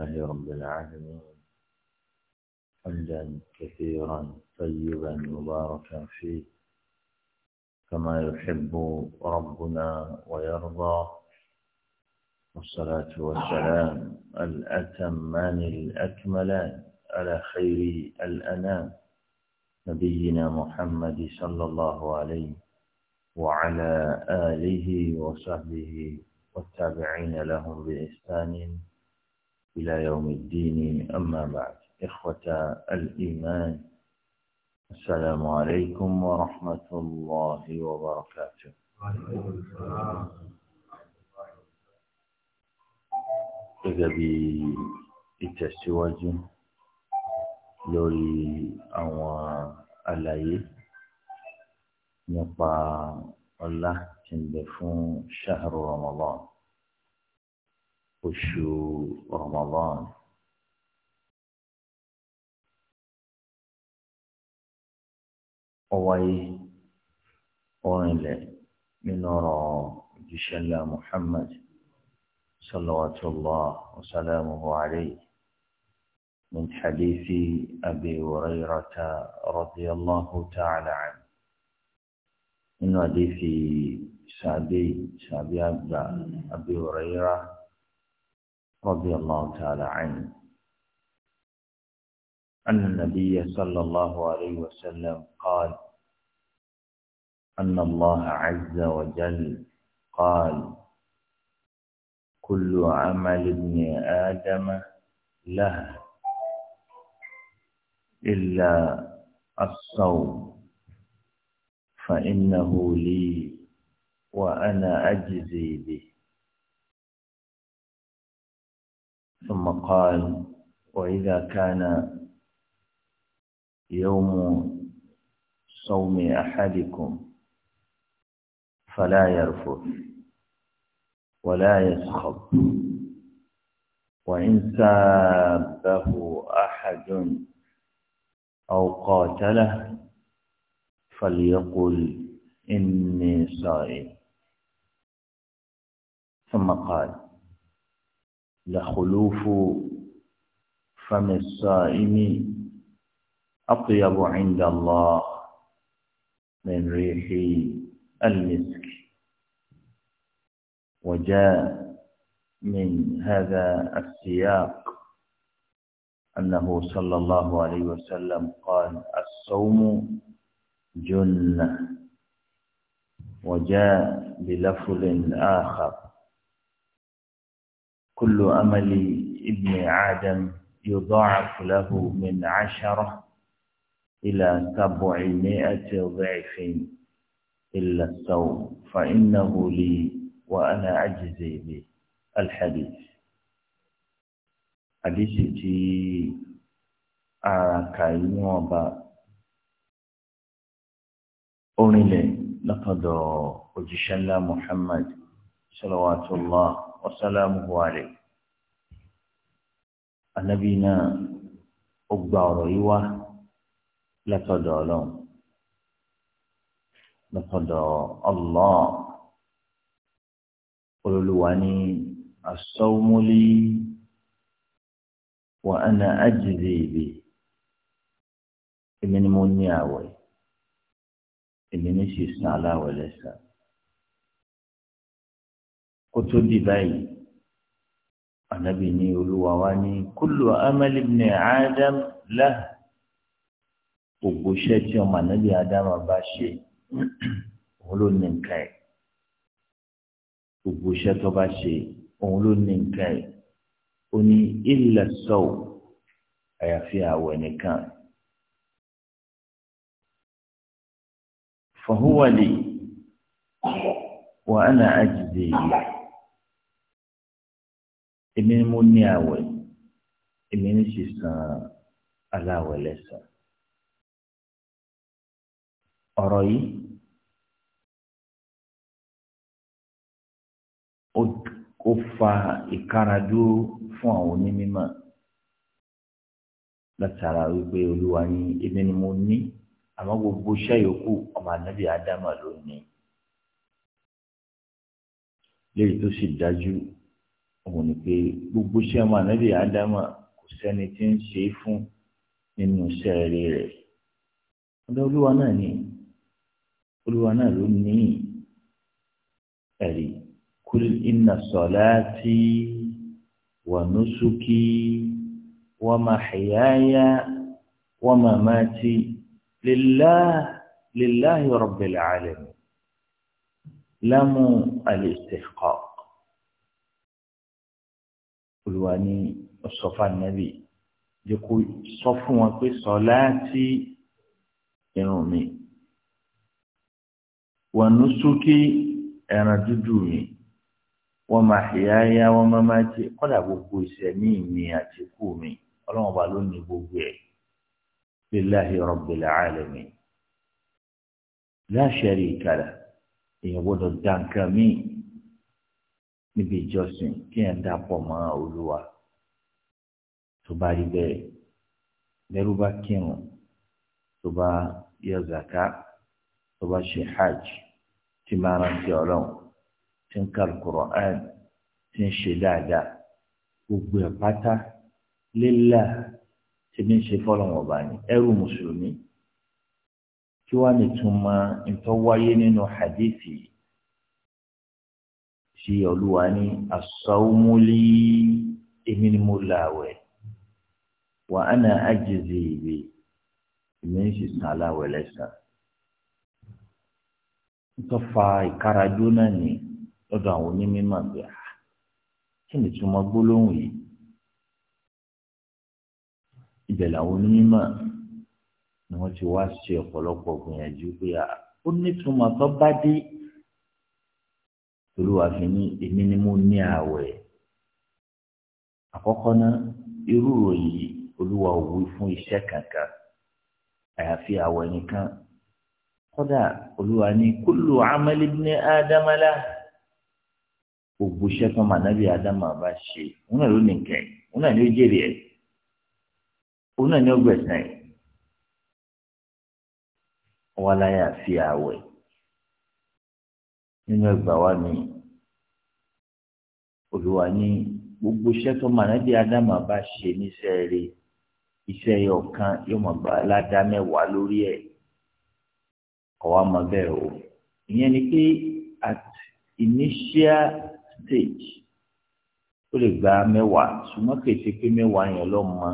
لله رب العالمين حمدا كثيرا طيبا مباركا فيه كما يحب ربنا ويرضى والصلاة والسلام الأتمان الأكملان على خير الأنام نبينا محمد صلى الله عليه وعلى آله وصحبه والتابعين لهم بإحسان إلى يوم الدين أما بعد إخوة الإيمان السلام عليكم ورحمة الله وبركاته إذا بي إتسواجن لوري أو ألاي نبا الله تنبفون شهر رمضان oṣù Ramadan ó wáyé orinlẹ̀ nínú ọ̀rọ̀ òjíṣẹ́ ńlá Muhammad salawatullah wa salamuhu alayhi من حديث أبي هريرة رضي الله تعالى عنه من حديث سعدي سعدي أبي هريرة رضي الله تعالى عنه أن النبي صلى الله عليه وسلم قال أن الله عز وجل قال كل عمل ابن آدم له إلا الصوم فإنه لي وأنا أجزي به ثم قال وإذا كان يوم صوم أحدكم فلا يرفث ولا يسخب وإن سابه أحد أو قاتله فليقل إني صائم ثم قال لخلوف فم الصائم أطيب عند الله من ريح المسك وجاء من هذا السياق أنه صلى الله عليه وسلم قال الصوم جنة وجاء بلفظ آخر كل أمل ابن آدم يضاعف له من عشرة إلى سبعمائة ضعف إلا الصوم فإنه لي وأنا أجزي به الحديث حديث تي أكاين وبا أولي لقد أجشل محمد صلوات الله wasalamu alayhi anabi náà ó gba ọ̀rọ̀ yìí wá látọ̀dọ̀ ọlọ́run látọ̀dọ̀ Allah olùwà ní asọ́wọ́mọ́lì wa ana ajzi bi èmi ni mo ní àwẹ̀ èmi ní sísan aláwẹ̀ lẹ́sàn-án kó tó di báyìí anabi ní olúwa wa ní kúlù amali ibn adam la gbogbo iṣẹ́ tí ọmọ anabi adam bá ṣe òun ló ní nǹkan ẹ̀ gbogbo iṣẹ́ tó bá ṣe òun ló ní nǹkan ẹ̀ ó ní illa saw àyàfi àwẹ̀ nìkan. fahuwa li wa yìí èmi ni mo ní àwẹ̀ èmi ni sì san aláwẹ̀ lẹ́san. ọ̀rọ̀ yìí ó fa ìkáradúró fún àwọn onímọ̀ látara wípé olúwa ní èmi ni mo ní àmọ́ gbogbo iṣẹ́ yòókù ọmọ ànábì ádámà ló léyìí tó sì dájú òun ni pé gbogbo iṣẹ́ ọmọ ànábì ádámà kò sẹ́ni tí ń ṣe é fún nínú iṣẹ́ rere rẹ̀ ọ̀dọ̀ olúwa náà ni olúwa náà ló ní ẹ̀rí kul inna salati wa nusuki wa mahyaya wa mamati lillahi lillahi rabbil alamin lamu al-istihqaq olùwà ní ọ̀sọ́fà nẹ́bì jẹ́ kó sọ fún wọn pé sọ láti irun mi wa nusuki ẹran dúdú mi wa mahyaya wa mamati kọ́dà gbogbo ìṣẹ̀mí mi àti ikú mi ọlọ́run ọba ló ní gbogbo ẹ̀ lillahi rabbil alamin la sharika lahu èèyàn gbọ́dọ̀ dá nǹkan míì níbi ìjọsìn kéèyàn dàpọ̀ mọ́ olúwa tó bá rí bẹ́ẹ̀ lẹ́rú bá kírun tó bá yọ zaka tó bá ṣe hajj tí máa rántí ọlọ́run tí ń ka alukur'an tí ń ṣe dáadáa gbogbo ẹ̀ pátá lílà tí ní ṣe fọlọ́wọ́n ọba ni ẹrú mùsùlùmí kí wàá nìtúmọ̀ ntọ́wáyé nínú hadithi yìí tí olúwa ní asọ́wọ́múlí èmi ni mo là wẹ̀ wà á na ájèzè ìwé èmi ń sì san aláwẹ̀ lẹ́sàn. ntọ́fà ìkarajó náà ni lọ́dọ̀ àwọn onímọ̀ pé ah, kí ni tí wọ́n gbólóhùn yìí ibẹ̀ làwọn onímọ̀ ni wọ́n ti wá ṣe ọ̀pọ̀lọpọ̀ gbìyànjú pé ah, ó nítumọ̀ tó bá dé olúwa fi ní èmi ni mo ní ààwẹ̀ àkọ́kọ́ náà irú ròyìn yìí olúwa ò wí fún iṣẹ́ kankan àyàfi ààwẹ̀ nìkan kódà olúwa ní kullu amali ibni ádámà lá gbogbo iṣẹ́ tó máa nábì ádámà bá ṣe òun náà ló nìkẹ́ òun náà ni jèrè ẹ̀ òun náà ni ó ẹ̀ wọ́n láyà fi ààwẹ̀ nínú ẹgbà wa ni olùwà ní gbogbo iṣẹ́ tó mà nábì ádámà bá ṣe níṣẹ́ rẹ̀ iṣẹ́ yọ kan yóò mọ̀ gba ládàá mẹ́wàá lórí ẹ̀ ọ̀wá mọ̀ bẹ́ẹ̀ o ìyẹn ni pé at initial stage ó lè gba mẹ́wàá ṣùgbọ́n kèsì pé mẹ́wàá yẹn lọ́ mọ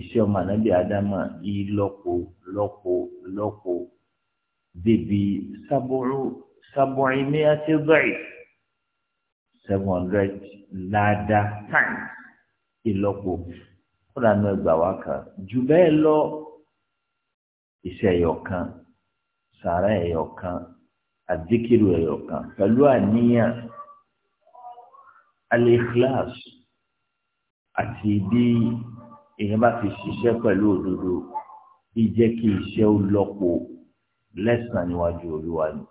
iṣẹ́ ọmọ ànábì ádámà yìí lọ́pọ̀ lọ́pọ̀ lọ́pọ̀ débi sábúrú سبعمائة ضعف seven hundred láàdá times ìlọ́po kódà náà gbà wá kan jù bẹ́ẹ̀ lọ iṣẹ́ ẹ̀yọ̀kan sàárà ẹ̀yọ̀kan àdíkìrù ẹ̀yọ̀kan pẹ̀lú àníyàn al-ikhlas àti bí èèyàn bá fi ṣiṣẹ́ pẹ̀lú òdodo bí kí iṣẹ́ ó lọ́po lẹ́sàn-án níwájú olúwa ni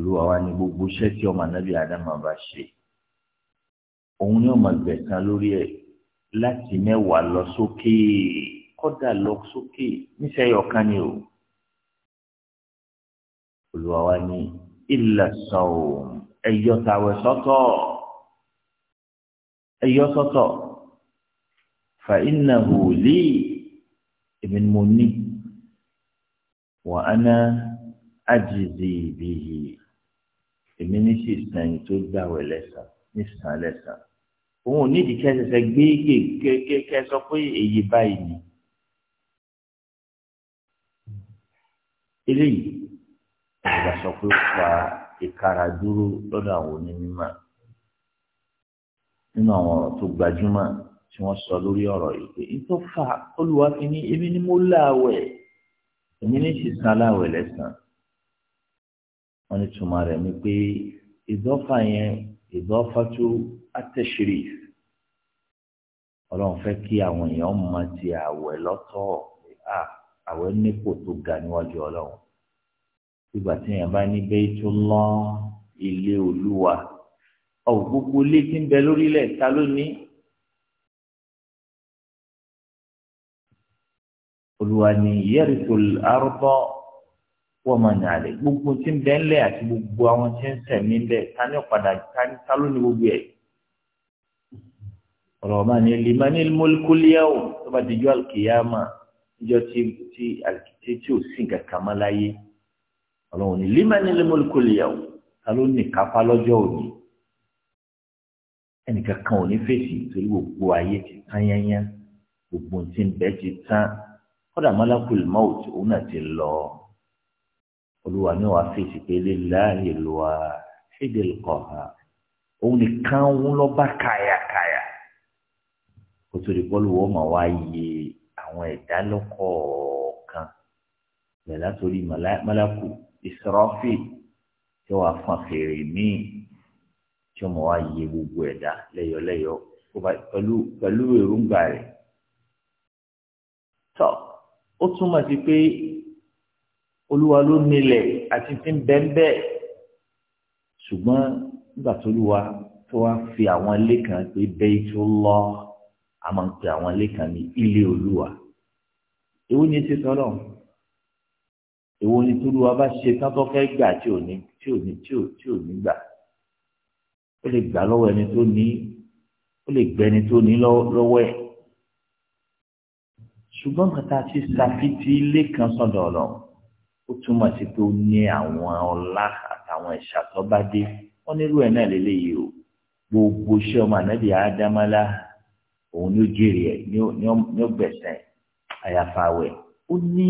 olúwa wa ní gbogbo iṣẹ́ tí ọmọ anábì ádámà bá ṣe òun ni ó máa gbẹ̀san lórí ẹ̀ láti mẹ́wàá lọ sókè kọ́dà lọ sókè níṣẹ́ ọ̀kan ni o olúwa wa ní ilẹ̀ sọ̀rọ̀ ẹ̀yọ́ tàwẹ̀ sọ́tọ̀ ẹ̀yọ́ sọ́tọ̀ fa innahu èmi ni mo ní wa ana ajizi bihi èmi ní sì san ẹni tó gbàwẹ̀ lẹ́sàn ní san lẹ́sàn òun ò nídìí kẹsẹsẹ gbé kéèké kẹsọ pé èyí báyìí ni eléyìí ìgbà sọ pé ó fa ìkara dúró lọ́dọ̀ àwọn onímọ̀ nínú àwọn ọ̀rọ̀ tó gbajúmọ̀ tí wọ́n sọ lórí ọ̀rọ̀ yìí pé ìtọ́ fa olùwàfíní èmi ni mo láwẹ̀ èmi ní sì san láwẹ̀ lẹ́sàn wọ́n ní túmọ̀ rẹ̀ ni pé ìdọ́fà yẹn ìdọ́fà tó àtẹ̀sírì ọlọ́run fẹ́ kí àwọn èèyàn máa ti àwẹ̀ lọ́tọ̀ àwẹ̀ nípò tó ga níwájú ọlọ́run ìgbà tí èèyàn bá ní bẹ́ẹ̀ tó lọ́ ilé olúwa ọ̀hún gbogbo ilé tí ń bẹ lórílẹ̀ ta ló ní. olùwà ni yẹ́rìtò àrùbọ̀ wọ́n máa yàn àlẹ́ gbogbo tí ń bẹ́ ń lẹ̀ àti gbogbo àwọn tí ń sẹ̀mí ń bẹ̀ ká ní ọ̀padà ká ní ká ló ní gbogbo ẹ̀. ọ̀rọ̀ máa ní lè máa ní mọ́líkólíyàwó tó bá di jọ́ àlùkìyàmà níjọ́ tí tí àlùkìyà tí ò sí nǹkan kan mọ́ láyé ọlọ́run ní lè máa ní mọ́líkólíyàwó ká ló ní kápá lọ́jọ́ òní. ẹnìkan kan ò ní fèsì torí gbogbo ayé ti tán yányá gbogbo tí ń bẹ́ ti tán kọ́dà olúwa ní wàá fèsì pé lillahi al-wahidil qahhar òun nìkan òun lọ bá kàyàkàyà kó tó di bọ́ọ̀lù wọ́n máa wá yẹ àwọn ẹ̀dá lọ́kọ̀ọ̀kan bẹ̀rẹ̀ látòrí mọ́lákù Israfil tí wàá fọn fèrè míì tí wọ́n máa wá yẹ gbogbo ẹ̀dá lẹ́yọ̀lẹ́yọ̀ pẹ̀lú èròǹgbà rẹ̀ tọ́ ó túmọ̀ sí pé olúwa ló nílẹ̀ àti tí ń bẹ́ẹ̀ bẹ́ẹ̀ ṣùgbọ́n nígbà tó lù wá tó wá fi àwọn ilé kan pé Baytullah a máa ń pe àwọn ilé kan ní ilé olúwa èwo ni ti sọ lọ́wọ́ èwo ni tólúwa bá ṣe tán tó fẹ́ gbà tí ò ní tí ò ní tí ò tí ò ní gbà ó lè gbà lọ́wọ́ ẹni tó ní ó lè gbẹni tó ní lọ́wọ́ ẹ̀ ṣùgbọ́n kàtà ti ṣàfitì ilé kan sọ́dọ̀ ọlọ́run ó túmọ̀ sí pé ó ní àwọn ọlá àtàwọn ìṣàtọ́bádé wọ́n nílò ẹ̀ náà lélẹ́yìí o gbogbo iṣẹ́ ọmọ ànábì ádámálá òun ni ó jèrè ẹ̀ ní ó gbẹ̀sẹ̀ àyàfà àwẹ̀ ó ní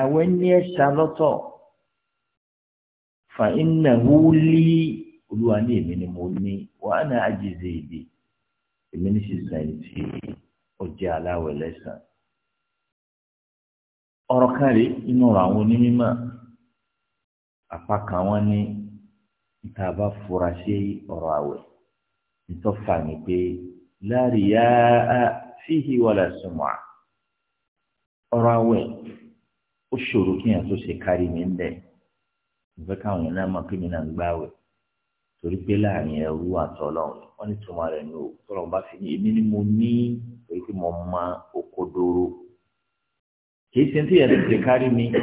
àwẹ̀ ní ẹ̀ṣà lọ́tọ̀ fa innahu li olúwa ní èmi ni mo ní wàá àjèjì èdè èmi ní sísan ẹ̀ tí aláwẹ̀ lẹ́sàn-án. ọ̀rọ̀ kan rèé inú ọ̀rọ̀ àwọn onímọ̀ apá kan wọn ní ìta bá fura ṣe ọ̀rọ̀ àwẹ̀ ìtọ́fà ni pé la riyaa fihi wala ọ̀rọ̀ àwẹ̀ ó ṣòro tó ṣe kárí mi ń bẹ̀ na káwọn yẹn náà mọ̀ pé mi náà ń torí pé láàrin ẹrú wọn ní tòun ara ni mo ní kìí ṣe tí yẹn ti kárí mi pé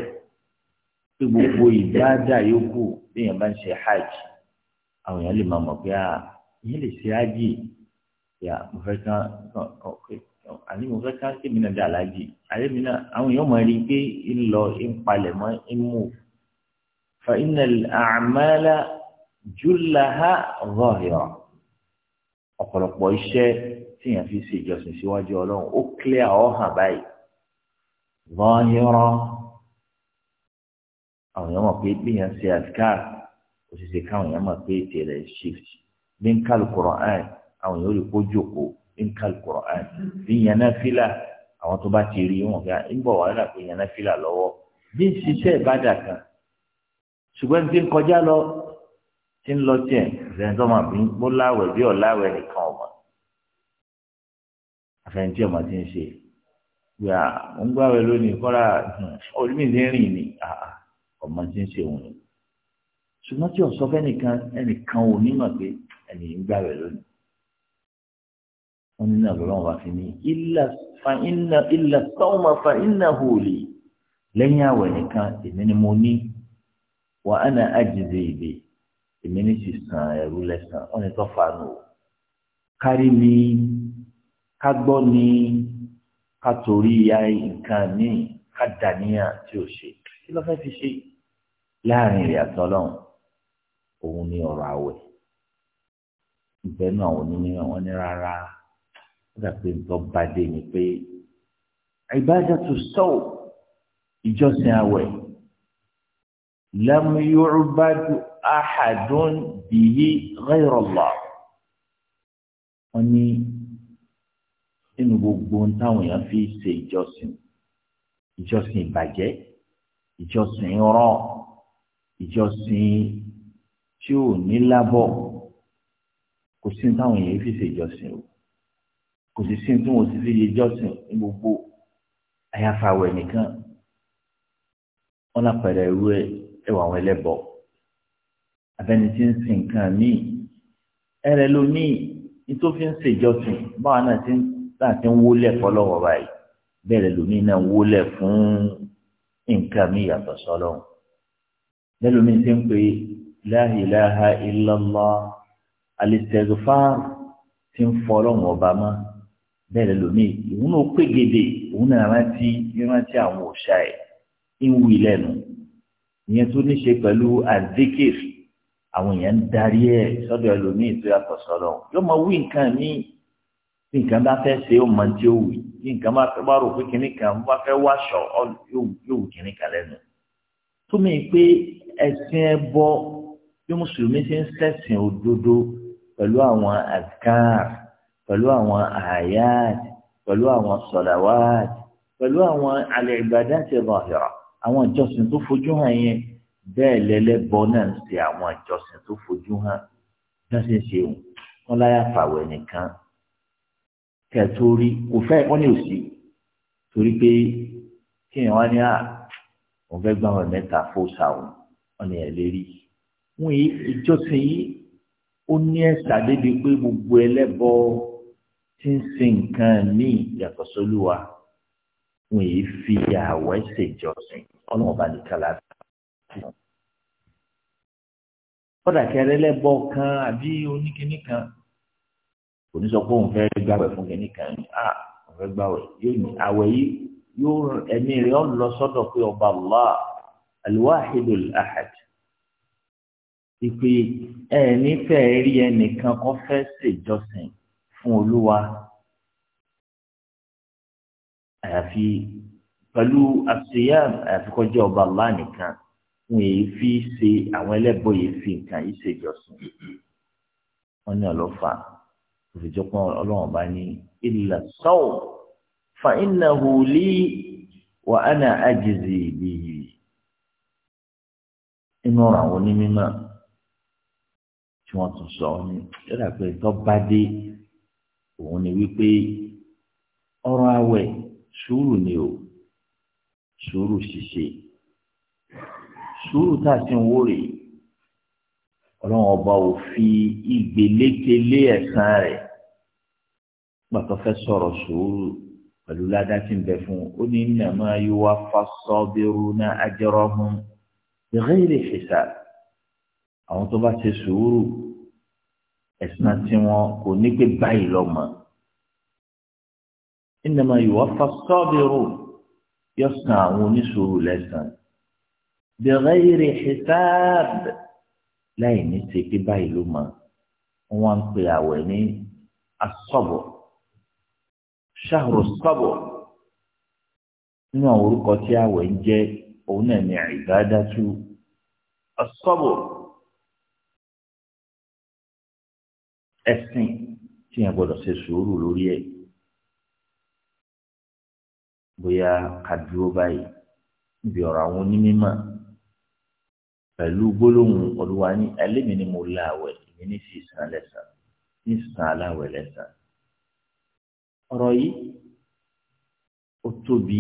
gbogbo ìdáadáa yòókù bí yẹn bá ń ṣe hajj àwọn èèyàn lè máa mọ̀ pé ah, à yẹn lè ṣe hajj yà mo fẹ́ kán àní mo fẹ́ kán kémi náà dà lájì àyè mi náà àwọn èèyàn máa rí i pé ń lọ ń palẹ̀ mọ́ ń mú fa iná àmàlà júláha rọ̀hìrọ̀ ọ̀pọ̀lọpọ̀ iṣẹ́ tí yẹn fi ṣe ìjọsìn síwájú ọlọ́run ó clear ọ̀hàn báyìí zọ́nyọ́rọ́ àwọn èèyàn mọ̀ pé bíyàn ṣe àdìkàr òṣìṣẹ́ káwọn èèyàn mọ̀ pé tẹ̀lẹ̀ shift bí ń kàlù Kùránì àwọn èèyàn rí kó jòkó bí ń kàlù Kùránì bí ń yaná fílà àwọn tó bá ti rí wọn gbà ń bọ̀ wàhálà pé yaná fílà lọ́wọ́ bí ń ṣiṣẹ́ ìbàdàn kan ṣùgbọ́n tí ń kọjá lọ tí ń lọ tiẹ̀ ìfẹ̀yìntàn máa bí bó láwẹ̀ bí ọ̀láwẹ̀ nìkan ọ̀mọ̀ àfẹ̀yìntì ọ̀mọ̀ ti ń ṣe yà ń gbàwé lónìí kọ́ra hmm, olùmíìsì rìn ni ah, ah, ọmọ tí ń ṣe òun ṣùgbọ́n tí ọ̀sọ́ fẹ́nìkan ẹnìkan ò ní mọ̀ pé ẹnì ń gbàwé lónìí wọ́n ní náà lọ́wọ́ bá fi ní ilà sọ́ọ̀mà fa iná hòlì lẹ́yìn àwẹ̀ nìkan èmi ni mo ní wà á na àjèjì ìdè èmi ní sì sàn ẹ̀rú lẹ́sàn-án wọ́n nù kárí mi ká gbọ́ ni ká torí ya nǹkan míì ká dàníyàn tí ò ṣe kí ló fẹ́ fi ṣe láàrin rẹ̀ àtọ́lọ́hún òun ni ọ̀rọ̀ àwẹ̀ ìbẹ́ náà àwọn onímọ̀ wọn ní rárá ó dà pé nǹkan bá dé ni pé ìbájá tó sọ̀wọ́ ìjọsìn àwẹ̀ lam yu'badu ahadun bihi ghayra Allah wọn ní nínú gbogbo ohun táwọn èèyàn fi ṣe ìjọsìn ìjọsìn ìbàjẹ́ ìjọsìn irọ́ ìjọsìn tí ò ní lábọ̀ kò sí ní táwọn èèyàn fi ṣe ìjọsìn o kò sì sí ní tí wọn sì fi ṣe ìjọsìn ní gbogbo ayáfàwẹ̀ nìkan wọn lápẹẹrẹ irú ẹ ẹwà àwọn ẹlẹ́bọ abẹni tí ń sin nǹkan míì ẹrẹ lómi ní tó fi ń ṣèjọsìn báwa náà ti ń láti ń wólẹ̀ fọlọ́wọ́ báyìí bẹ́ẹ̀ lómi náà ń wólẹ̀ fún nǹkan mi yàtọ̀ sọlọ́hún bẹ́ẹ̀ lómi ti ń pe la ilaha illallah alistighfar ti ń fọlọ́hún ọba mọ́ bẹ́ẹ̀ lómi òun náà pé gèdè òun náà rántí rántí àwọn òòṣà ẹ̀ ń wí lẹ́nu ìyẹn tó ní ṣe pẹ̀lú àdékèsì àwọn èèyàn ń darí ẹ̀ sọ́dọ̀ ẹlòmíì tó yàtọ̀ sọlọ́hún yóò máa tí nǹkan bá fẹ́ ṣe ó mọ tí ó wù tí nǹkan bá fẹ́ bá rò pé kìnnì kan bá fẹ́ wáṣọ yóò wù kìnnì kan lẹ́nu. túmí pé ẹ̀sìn ẹbọ bí mùsùlùmí ṣe ń ṣẹ̀sìn òdodo pẹ̀lú àwọn adkar pẹ̀lú àwọn ayat pẹ̀lú àwọn salawat pẹ̀lú àwọn al-ibadat zahira àwọn ìjọsìn tó fojú hàn yẹn bẹ́ẹ̀ lẹ́lẹ́bọ náà ń ṣe àwọn ìjọsìn tó fojú hàn bí wọ́n ṣe ń ṣe wọn láyà fàwẹ̀ nìkan kẹtó rí kò fẹ́ wọ́n ní òsì torí pé kéèyàn wá ní à ah, wọ́n fẹ́ gbà wọn mẹ́ta fóòsà wọn wọ́n ní ẹ̀ lè rí wọ́n yìí ìjọsìn yìí ó ní ẹ̀sà débi pé gbogbo ẹlẹ́bọ tí ń sin nǹkan míì yàtọ̀ sólúwa wọ́n yìí fi àwẹ̀ ṣèjọsìn ọlọ́run bá nìkan láti kódà kẹrẹ lẹ́bọ kan àbí oníkíní kan kò ní sọ pé òun fẹ́ gbàwẹ̀ fún kẹ́ni kan á òun fẹ́ gbàwẹ̀ yóò ní àwẹ̀ yìí yóò ẹ̀mí rẹ̀ ọ́ lọ sọ́dọ̀ pé ọba Allah alwahidul ahad ìpè ẹ̀ẹ́ni fẹ́ rí ẹnìkan kọ́ fẹ́ ṣèjọsìn fún olúwa àyàfi pẹ̀lú àṣeyàm àyàfi ọba Allah nìkan wọn èyí fi ṣe àwọn ẹlẹ́bọ̀ yìí fi nǹkan yìí ṣèjọsìn wọn ní ọlọ́fà òfìjókòó ọlọ́run bá ní illa sawm fa innahu li wa ana ajzi bihi inú ọ̀rọ̀ àwọn onímọ̀ tí wọ́n tún sọ ní yọ̀dà pé tọ́badé òun ni wípé ọ̀rọ̀ àwẹ̀ sùúrù ni o sùúrù ṣíṣe sùúrù tá a ti ń wó rèé ọlọ́run ọba ò fi ìgbélékele ẹ̀san rẹ̀ pàtó fẹ́ sọ̀rọ̀ sùúrù pẹ̀lú ládàtí ń bẹ fún un ó ní nàmá yíwá fásọ́bírú ná ajẹ́rọ́ hun ìrẹ́lẹ̀ fèsà àwọn tó bá ṣe sùúrù ẹ̀san tí wọn kò ní pé báyìí lọ́mọ ìnàmá yíwá fásọ́bírú yọ̀sán àwọn oníṣòwò lẹ́sàn-án ìrẹ́lẹ̀ fèsà láì ní ṣe pé báyìí ló mọ wọn ń pe àwẹ̀ ní asọbọ ṣàrò sọbọ nínú àwọn orúkọ tí àwẹ̀ ń jẹ́ òun náà ní àìbádátú asọbọ ẹsìn tí yẹn gbọ́dọ̀ ṣe sùúrù lórí ẹ̀ bóyá kàdúró báyìí níbi ọ̀rọ̀ àwọn onímọ̀ pẹ̀lú gbólóhùn olúwa ní ẹlẹ́mìí ni mo la àwẹ̀ èmi ní sì san lẹ́sàn ní san aláwẹ̀ lẹ́sàn. ọ̀rọ̀ yìí ó tóbi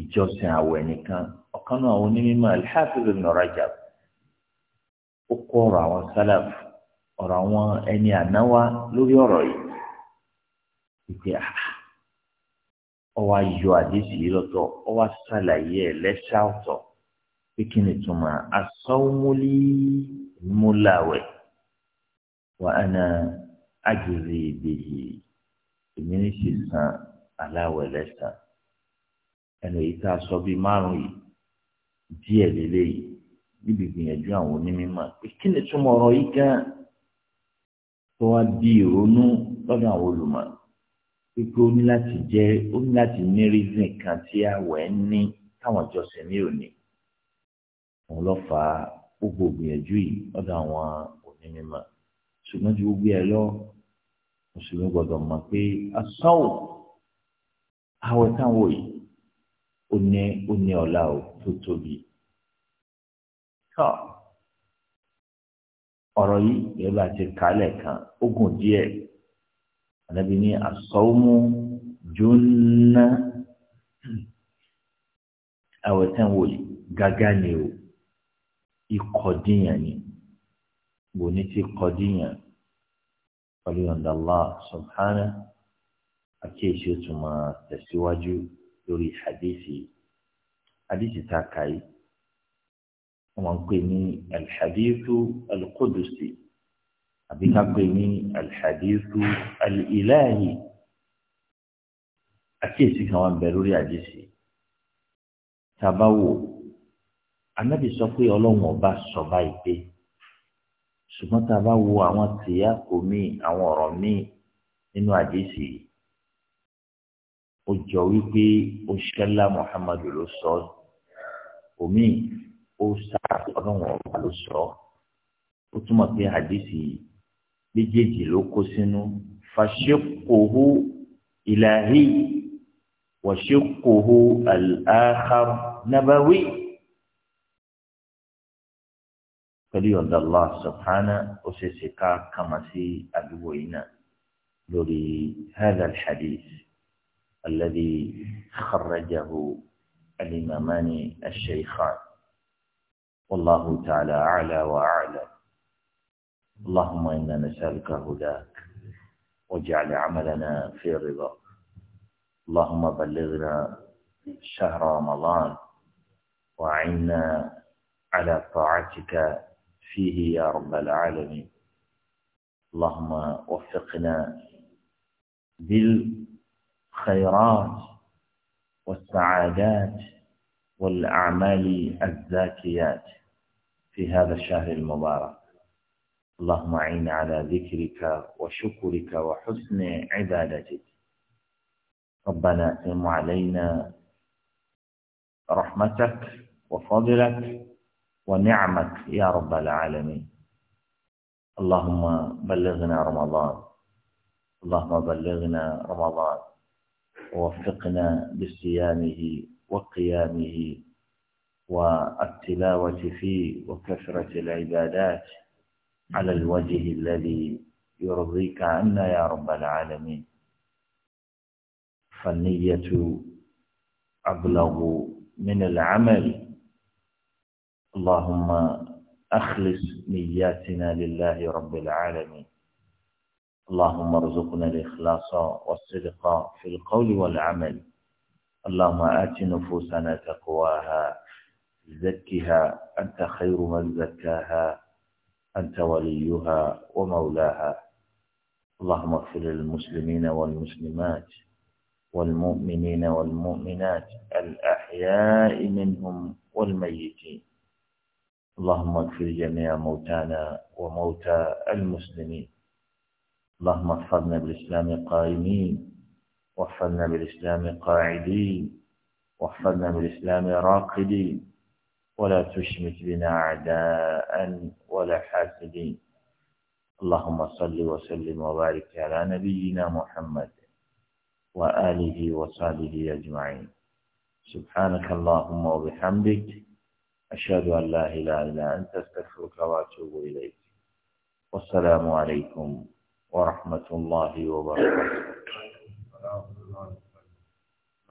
ìjọsìn àwẹ̀ nìkan ọ̀kan náà àwọn onímọ̀ al-Hafiz ó kọ́ ọ̀rọ̀ àwọn sálàf ọ̀rọ̀ àwọn ẹni ànáwá lórí ọ̀rọ̀ yìí ìpè ọwọ́ ayọ̀ àdéhùn yìí lọ́tọ̀ ọwọ́ sàlàyé ẹ̀ lẹ́sà pé kí ni túmọ̀ asọ́wọ́lì múláwẹ̀ wà á na àjèrè ìbèyí èmi ní sì san aláwẹ̀ lẹ́sàn ẹnu èyí tá a sọ bíi márùn yìí díẹ̀ lélẹ́yìí níbi ìgbìyànjú àwọn onímọ̀ pé kí ni túmọ̀ ọ̀rọ̀ yìí gan tó wá di ìrònú lọ́dọ̀ àwọn olùmọ̀ pípé ó ní láti jẹ́ ó ní láti ní rízìn kan tí àwẹ̀ ń ní táwọn ìjọsìn ní òní. òun lọ fà á gbogbo gbìyànjú yìí lọ́dọ̀ àwọn onímọ̀ ṣùgbọ́n ju gbogbo ẹ lọ mùsùlùmí gbọ́dọ̀ mọ̀ pé asáwò àwẹ̀ táwọn yìí ó ní ó ní ọlá tó tóbi ọrọ yìí bá ti kálẹ̀ kan ogun díẹ̀ ànábi ní asọ́wọ́mú jóná ìkọ̀díyàn ni bò ní ti kọ̀díyàn pẹ̀lú ọ̀dà Allah subhana àkíyèsí ó tún máa tẹ̀síwájú lórí hadithi hadithi tá a kà yìí wọ́n pè ní alhadithu alqudusi àbí ká pè ní alhadithu alilahi àkíyèsí kan wà ń bẹ lórí hadithi tá a bá wò ó anábì sọ pé ọlọ́run ọba sọba ìpè ṣùgbọ́n tá a bá wo àwọn tìyà kò míì àwọn ọ̀rọ̀ míì nínú àdéhìsì yìí ó jọ wípé ó ṣẹlá muhammadu ló sọ omi ó sá ọlọ́run ọba ló sọ ó túmọ̀ pé àdéhìsì yìí méjèèjì ló kó sínú fàṣẹkòhó ìlàhí wàṣẹkòhó al-akhar pẹ̀lú ọ̀dọ̀ Allah subhana ó ṣe ṣe ká kàmá sí àdúgbò yìí náà lórí hadha al-hadith alladhi kharrajahu alimamani imamani al-shaykhan wallahu ta'ala a'la wa a'lam اللهم إنا نسألك هداك واجعل عملنا في رضاك اللهم بلغنا شهر رمضان وعنا على طاعتك فيه يا رب العالمين اللهم وفقنا بالخيرات والسعادات والأعمال الزاكيات في هذا الشهر المبارك اللهم عين على ذكرك وشكرك وحسن عبادتك ربنا اتم علينا رحمتك وفضلك ونعمك يا رب العالمين اللهم بلغنا رمضان اللهم بلغنا رمضان ووفقنا بصيامه وقيامه والتلاوة فيه وكثرة العبادات على الوجه الذي يرضيك عنا يا رب العالمين فالنية أبلغ من العمل اللهم أخلص نياتنا لله رب العالمين اللهم ارزقنا الإخلاص والصدق في القول والعمل اللهم آت نفوسنا تقواها زكها أنت خير من زكاها أنت وليها ومولاها اللهم اغفر للمسلمين والمسلمات والمؤمنين والمؤمنات الأحياء منهم والميتين اللهم اغفر جميع موتانا وموتى المسلمين اللهم احفظنا بالإسلام قائمين واحفظنا بالإسلام قاعدين واحفظنا بالإسلام راقدين ولا تشمت بنا أعداء ولا حاسدين اللهم صل وسلم وبارك على نبينا محمد وآله وصحبه أجمعين سبحانك اللهم وبحمدك أشهد أن لا إله إلا أنت استغفرك وأتوب إليك والسلام عليكم ورحمة الله وبركاته